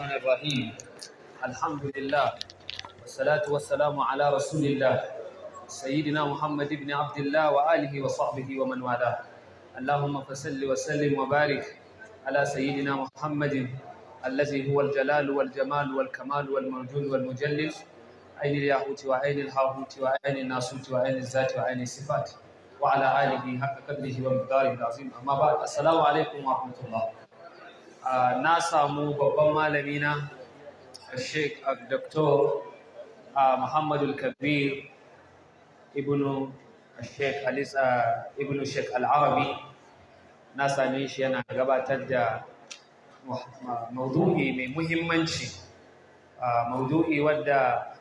الرحمن الرحيم الحمد لله والصلاة والسلام على رسول الله سيدنا محمد بن عبد الله وآله وصحبه ومن والاه اللهم فصل وسلم وبارك على سيدنا محمد الذي هو الجلال والجمال والكمال والموجود والمجلل عين الياهوت وعين الهاهوت وعين الناسوت وعين الذات وعين الصفات وعلى آله حق قدره ومقداره العظيم أما بعد السلام عليكم ورحمة الله na samu babban malami na Sheikh Dr. Muhammadu Kabir ibnu Sheik Alisa al na same shi yana gabatar da maudu'i mai muhimmanci maudu'i wadda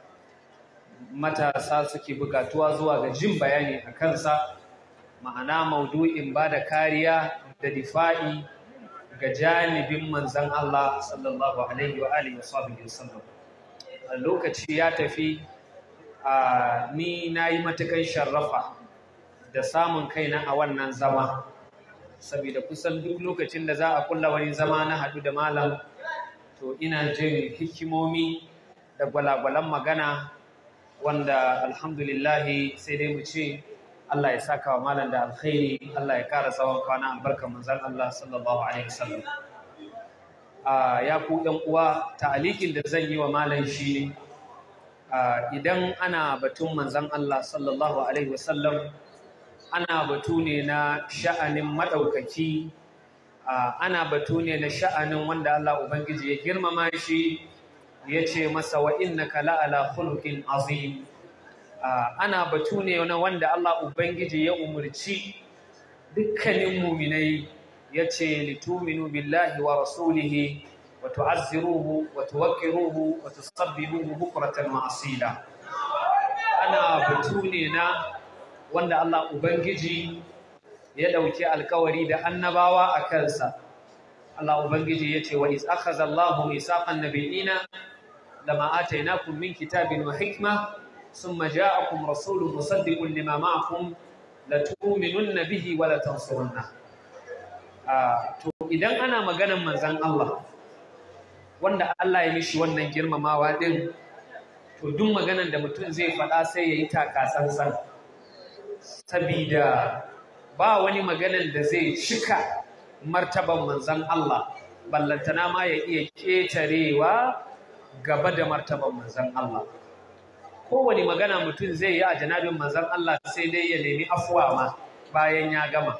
matasa suke bukatuwa zuwa ga jin bayani a kansa ma'ana maudu'in ba da kariya da difa'i ga janibin manzan Allah sallallahu alaihi wa wa sahbihi wasallam lokaci ya tafi a ni yi matakan sharrafa da samun kaina a wannan zama saboda kusan duk lokacin da za a kulla wani zama na haɗu da malam to ina jin hikimomi da gwalagwalan magana wanda alhamdulillahi sai dai mu ce Allah ya saka wa malam da alkhairi Allah ya kara tsawon kwana albarkar manzon Allah sallallahu alaihi wasallam ya ku ɗan uwa ta'alikin da zan yi wa malam shi idan ana batun manzon Allah sallallahu alaihi wasallam ana batu ne na sha'anin madaukaki ana batu ne na sha'anin wanda Allah Ubangiji ya girmama shi ya ce masa wa innaka la'ala khuluqin azim ana batu ne na wanda Allah Ubangiji ya umurci dukkanin muminai ya ce lituminu billahi wa rasulihi wa tu'azziruhu wa tuwaqqiruhu wato tusabbihuhu bukratan wa asila ana batu ne na wanda Allah Ubangiji ya ɗauki alkawari da annabawa a kansa Allah Ubangiji ya ce wa iz akhadha Allahu misaqan nabiyina lama atainakum min kitabin wa hikma ثم جاءكم رسول مصدق لما معكم لتؤمنن به ولا تنصرنه to idan ana maganan manzon Allah wanda Allah ya mishi wannan girmamawa din to duk maganan da mutum zai faɗa sai yayi san sabida ba wani maganan da zai cika martaban manzan Allah ballantana ma ya iya ketarewa gaba da martaban manzan Allah kowane magana mutum zai yi a janabin manzan Allah sai dai ya nemi afuwa ma bayan ya gama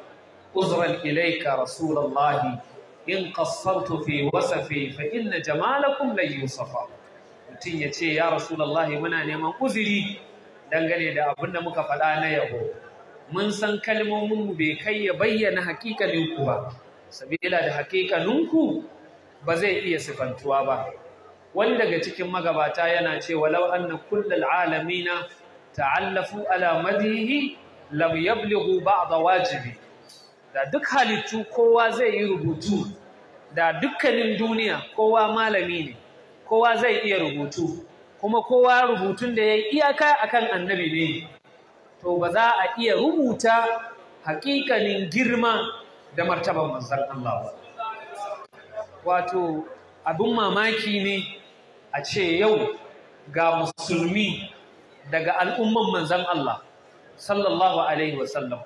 uzran ilaika rasulallahi in qassartu fi wasafi fa inna jamalakum la yusafa mutum ya ce ya rasulallahi muna neman uzuri dangane da abin da muka faɗa na yabo mun san kalmomin mu bai kai ya bayyana hakikalinku ba sabila da hakikalinku ba zai iya sifantuwa ba wani daga cikin magabata yana ce walau anna kullal alamina ta'allafu ala madhihi lam yablighu ba'd wajibi da duk halittu kowa zai yi rubutu da dukkanin duniya kowa malami ne kowa zai iya rubutu kuma kowa rubutun da yayi iyaka a kan annabi ne to ba za a iya rubuta hakikanin girma da martaban manzon Allah ba? wato abin mamaki ne a ce yau ga musulmi daga al'umman manzan Allah sallallahu alaihi wasallam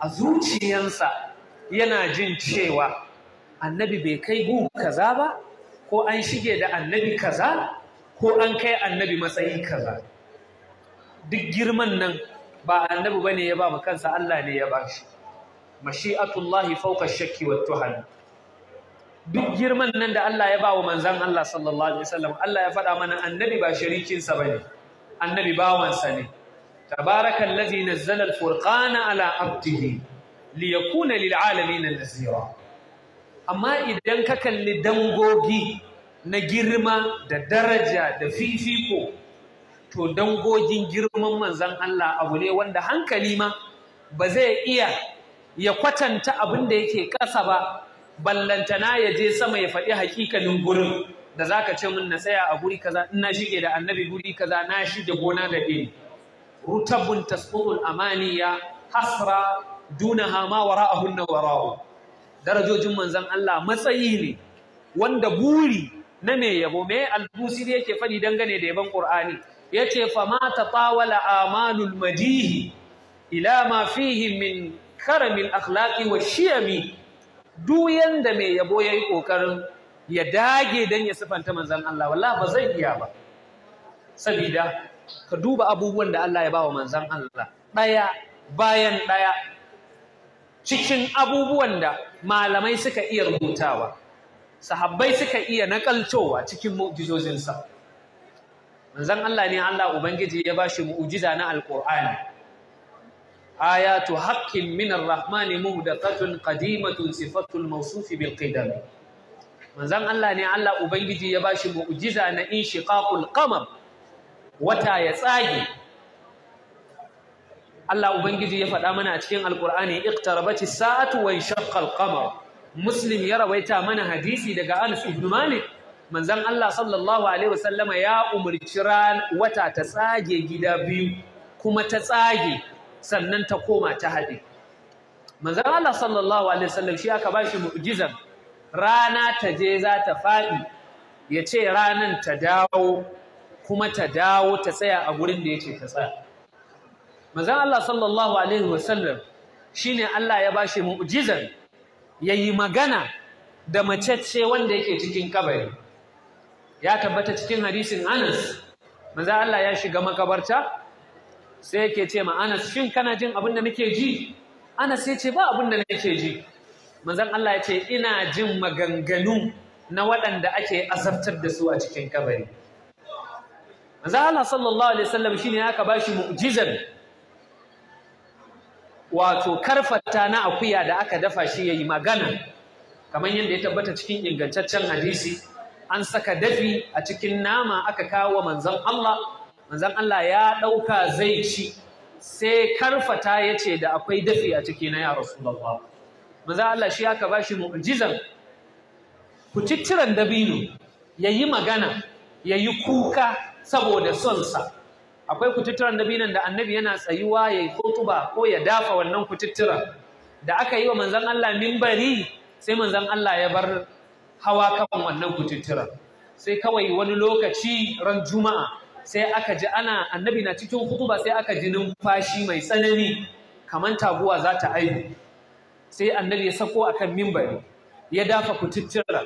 a zuciyansa yana jin cewa annabi bai kai gu kaza ba ko an shige da annabi kaza ko an kai annabi matsayi kaza duk girman nan ba annabi bane ya ba kansa Allah ne ya ba shi mashi'atullahi fauka shakki wat tuhani duk girman nan da Allah ya ba wa manzan Allah sallallahu alaihi wasallam Allah ya faɗa mana annabi ba shirikinsa ba ne annabi bawansa ne tabarakan lazi zalar alfurqana ala abdihi li yakuna lil nazira amma idan ka kalli dangogi na girma da daraja da fifiko to dangogin girman manzan Allah abu ne wanda hankali ma ba zai iya ya kwatanta abin da yake ƙasa ba ballantana ya je sama ya faɗi hakikalin gurin da za ka ce min na tsaya a guri kaza in na shige da annabi guri kaza na da gona da ɗini rutabun tasbutul amaniya hasra dunaha a wara'ahunna wara'u darajojin manzon Allah matsayi ne wanda buri na me yabo me al-busiri yake faɗi dangane da yaban Ya ce fa ma tatawala amanul madihi ila ma fihi min karamil akhlaqi wa shiyami duk yanda mai yabo ya yi ƙoƙarin, ya dage don ya sifanta manzan Allah wallah ba zai iya ba sabida ka duba abubuwan da Allah ya bawa manzan Allah Ɗaya bayan ɗaya. cikin abubuwan da malamai suka iya rubutawa sahabbai suka iya nakaltowa cikin mu'jizozinsa manzan Allah ne Allah ubangiji ya ba shi mu'jiza na Alƙur'ani. آيات حق من الرحمن مهدثة قديمة صفة الموصوف بالقدم manzon Allah ne Allah ubangiji ya bashi mu'jiza na inshiqaqul qamar wata ya tsage Allah ubangiji ya faɗa mana a cikin alqur'ani iqtarabatis sa'atu wa inshaqqal qamar muslim ya rawaita mana hadisi daga Anas ibn Malik manzon Allah sallallahu alaihi wasallama ya umurci ran wata ta tsage gida biyu kuma ta tsage sannan ta koma ta haɗe Maza Allah sallallahu alaihi wasallam shi aka ba shi mu'jizan rana ta je za ta faɗi ya ce ranan ta dawo kuma ta dawo ta tsaya a gurin da ya ce ta tsaya manzon Allah sallallahu alaihi wasallam ne Allah ya ba bashi mu'jizan yi magana da mace ce wanda yake cikin kabari ya tabbata cikin hadisin Anas manzon Allah ya shiga makabarta sai yake ce ma Anas shin kana jin abin da nake ji Anas ya ce ba abin da nake ji manzon Allah ya ce ina jin maganganu na waɗanda ake azabtar da su a cikin kabari manzon Allah sallallahu alaihi wasallam shine aka bashi mu'jizar wato karfata na akuya da aka dafa shi yayi magana kamar yadda ya tabbata cikin ingantaccen hadisi an saka dafi a cikin nama aka kawo manzon Allah manzan Allah ya ɗauka zai ci sai karfata ya ce da akwai dafi a ciki na su rasulullah manzan Allah shi aka shi shi ku cicciran dabino ya yi magana ya yi kuka saboda sonsa. akwai kututturan dabinon da annabi yana tsayuwa yayi kutuba ko ya dafa wannan kututturan da aka yi wa manzan Allah mimbari sai manzan Allah ya bar hawa kan wannan kututturan sai kawai wani lokaci ran juma'a sai aka ji ana annabi na cikin ba sai aka ji numfashi mai tsanani kamar taguwa za ta aihu sai annabi ya sako a kan mimbari ya dafa kututtura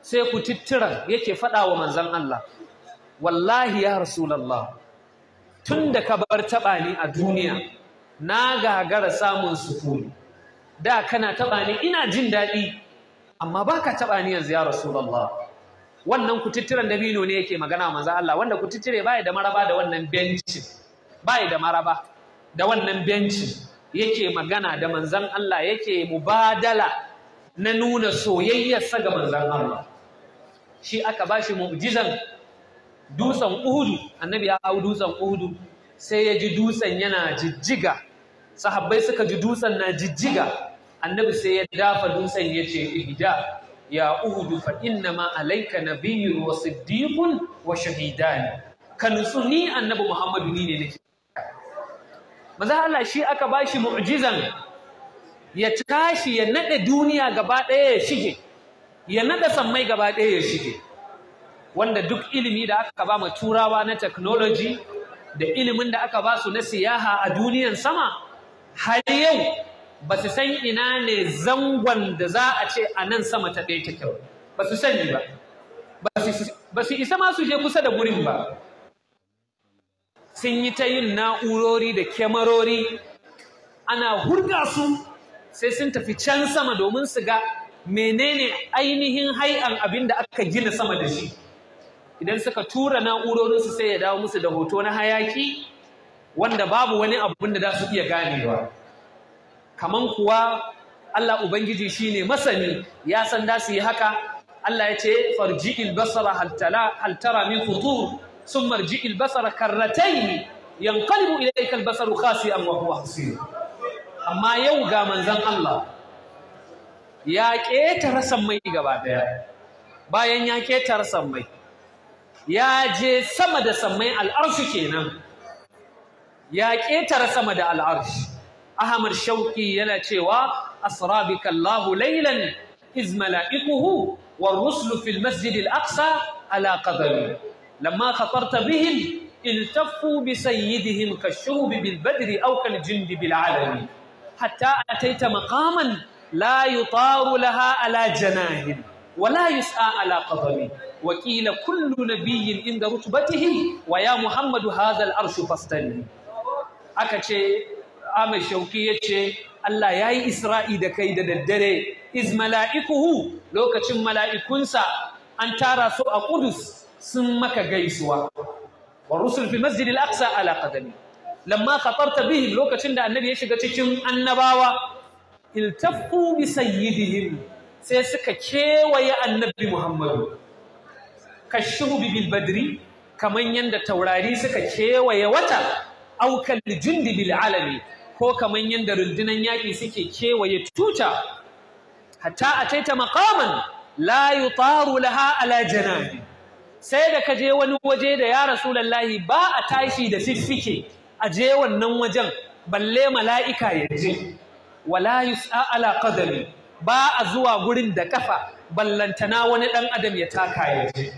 sai kututtura yake faɗa wa manzon Allah wallahi ya Rasulallah, tun da ka bar taɓa ni a duniya na gagara samun sukuni da kana taɓa ni ina jin daɗi amma ba ka taɓa ni yanzu ya rasulallah wannan kututturen dabino ne yake magana manzo Allah wanda kututture baya da maraba da wannan benci baya da maraba da wannan benci yake magana da manzan Allah yake mubadala na nuna soyayyarsa ga manzan Allah shi aka bashi mu'jizan dutsen Uhudu annabi ya hau dutsen Uhudu sai ya ji dutsen yana jijjiga sahabbai suka ji dutsen na jijjiga annabi sai ya dafa dutsen ya ce ya uhudu fa inna ma alayka nabiyyun wa siddiqun wa shahidan ka nutsu ni annabi muhammadu ni ne nake Maza Allah shi aka bashi mu'jizan ya tashi ya nade duniya gaba daya ya shige ya nade sammai gaba daya ya shige wanda duk ilimi da aka ba ma turawa na technology da ilimin da aka ba su na siyaha a duniyan sama har yau ba su san ina ne zangon da za a ce a nan sama ta ɗaya ta kyau ba su sani ba ba su isa ma je kusa da gurin ba sun yi ta yin na'urori da kyamarori ana hurga su sai sun tafi can sama domin su ga menene ainihin hai'an abin da aka gina sama da shi idan suka tura na'urorinsu sai ya dawo musu da hoto na hayaki wanda babu wani abin da za su iya ganewa kaman kuwa Allah ubangiji shi ne masani ya san da su yi haka Allah ya ce farji'il basara hal tala hal tara min futur thumma rji'il basara karratayn yanqalibu ilayka al basaru khasi'an wa huwa hasir amma yau ga manzan Allah ya ketara sammai gaba daya bayan ya ketara sammai ya je sama da sammai al'arshi kenan ya ketara sama da al'arshi Ahmad Shauki yana cewa asra bika Allah laylan iz mala'ikuhu war rusul fil masjid al aqsa ala qadami lamma khatarta bihim iltafu bi sayyidihim kashub bil badri aw kal jind bil alam hatta atayta maqaman layu yutaru laha ala janahin wala yus'a ala qadami wa qila kullu nabiyyin inda rutbatihi wa ya muhammad hadha al arsh fastani akace Ahmed Shauki ya ce Allah ya yi Isra'i da kai da daddare izmala'ikuhu mala'ikuhu lokacin mala'ikunsa an tara su a Qudus sun maka gaisuwa wa rusul fi masjidil aqsa ala kafar lamma khatarta bihim lokacin da annabi ya shiga cikin annabawa iltaffu bi sayyidihim sai suka kewaye annabi Muhammadu kashuhu bi badri kaman yanda taurari suka kewaye wata aukal jundi bil alami ko kamar yadda rundunan yaƙi suke kewaye tuta hatta a taita makaman layu yutaru laha ala sai da ka je wani waje da ya rasulullahi ba a tashi da fiffike a je wannan wajen balle mala'ika ya je wala yus'a ala qadami ba a zuwa gurin da ƙafa ballantana wani ɗan adam ya taka ya je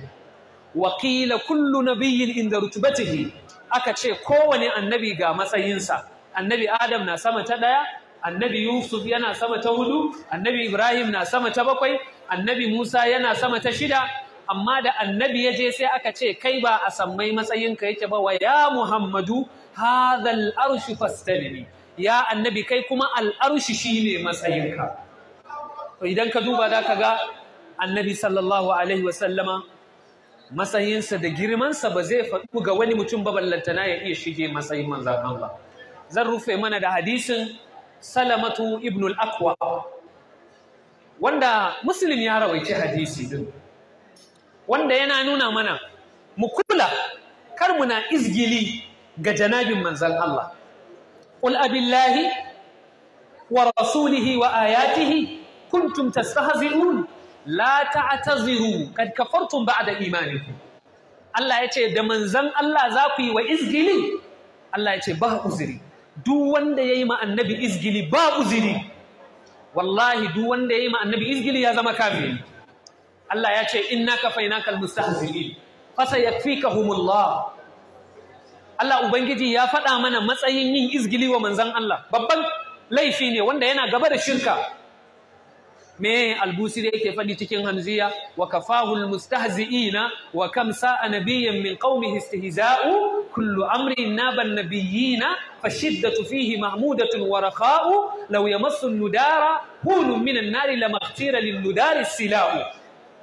wa qila kullu inda rutubatihi aka ce kowane annabi ga matsayinsa annabi adam na sama ta ɗaya annabi yusuf yana sama ta hudu annabi ibrahim na sama ta bakwai annabi musa yana sama ta shida amma da annabi ya je sai aka ce kai ba a sammai matsayinka yake ba wa ya muhammadu hadhal arsh fastalimi ya annabi kai kuma al'arshi shine matsayinka to idan ka duba da ka ga annabi sallallahu alaihi sallama matsayinsa da girmansa ba zai faɗu ga wani mutum ba ballantana ya iya shige matsayin manzan Allah zan rufe mana da hadisin salamatu ibn al-akwa wanda muslim ya rawaice hadisi din wanda yana nuna mana mu kula kar muna izgili ga janabin manzan Allah qul abillahi wa rasulihi wa ayatihi kuntum tastahzi'un la ta'taziru kad kafartum ba'da imanikum Allah yace da manzan Allah za ku yi wa izgili Allah yace ba uzuri duk wanda yayi ma annabi izgili ba uzuri wallahi duk wanda yi ma annabi izgili ya zama kafiri Allah ya ce inna kafainaka ka fasayakfikahumullah Allah ubangiji ya faɗa mana matsayin yin izgili wa manzon Allah babban laifi ne wanda yana gaba da shirka me da yake faɗi cikin hamziya wa kafahu almustahzi'ina wa kam sa'a nabiyyan min qaumihi istihza'u kullu amrin naban nabiyyina fashiddatu fihi mahmudatun wa rakha'u law yamassu nudara hunun min an-nari lamakhtira lin sila'u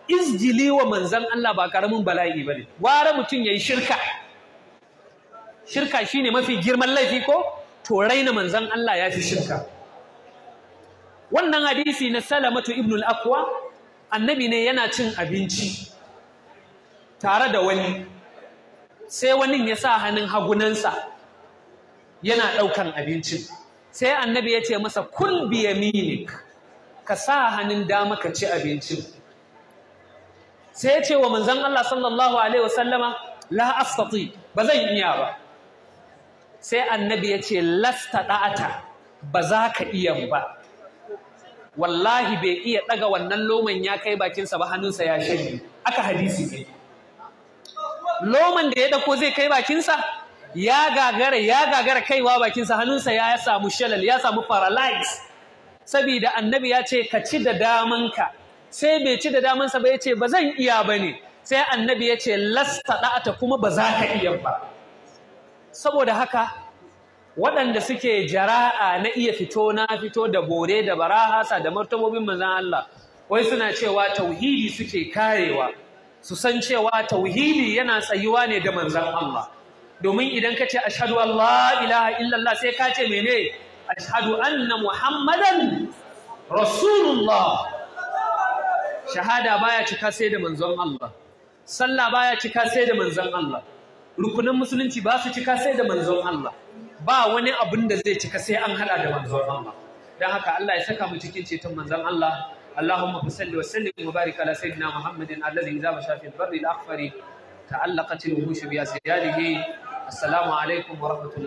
izjili wa manzan Allah ba karamin bala'i bane ware mutun yayi shirka shirka shine mafi girman laifi ko to raina manzan Allah ya fi shirka wannan hadisi na salamatu ibn al-akwa annabi ne yana cin abinci tare da wani sai wani ya sa hannun hagunansa yana ɗaukan abinci sai annabi ya ce masa kul Minik? ka sa hannun dama ka ci abincin sai ya ce wa manzon Allah sallallahu alaihi wasallama la astati ba zan iya ba sai annabi ya ce lasta da'ata ba za ka iya ba wallahi bai iya ɗaga wannan loman ya kai bakinsa ba hannunsa ya shanye aka hadisi kai loman da ya dako zai kai bakinsa ya gagara ya gagara kaiwa bakinsa hannunsa ya samu shalal ya samu paralyze saboda annabi ya ce ka ci da damanka sai bai ci da damansa ba ya ce ba zan iya ba ne sai annabi ya ce lasta da'ata kuma ba za ka iya ba saboda haka waɗanda suke jara'a na iya fito na fito da bore da barahasa da martabobin manzan Allah wai suna cewa tauhidi suke karewa su san cewa tauhidi yana tsayuwa ne da manzan Allah domin idan ka ce ashhadu an ilaha illallah sai ka ce mene ashhadu anna muhammadan rasulullah shahada baya cika sai da manzon Allah sallah baya cika sai da manzon Allah rukunin musulunci ba su cika sai da manzon Allah ba wani abin da zai cika sai an hada da manzon Allah dan haka Allah ya saka mu cikin ceton manzon Allah اللهم صل وسلم وبارك على سيدنا محمد الذي اذا مشى في البر الاخفر تعلقت الوحوش باسياده السلام عليكم ورحمه الله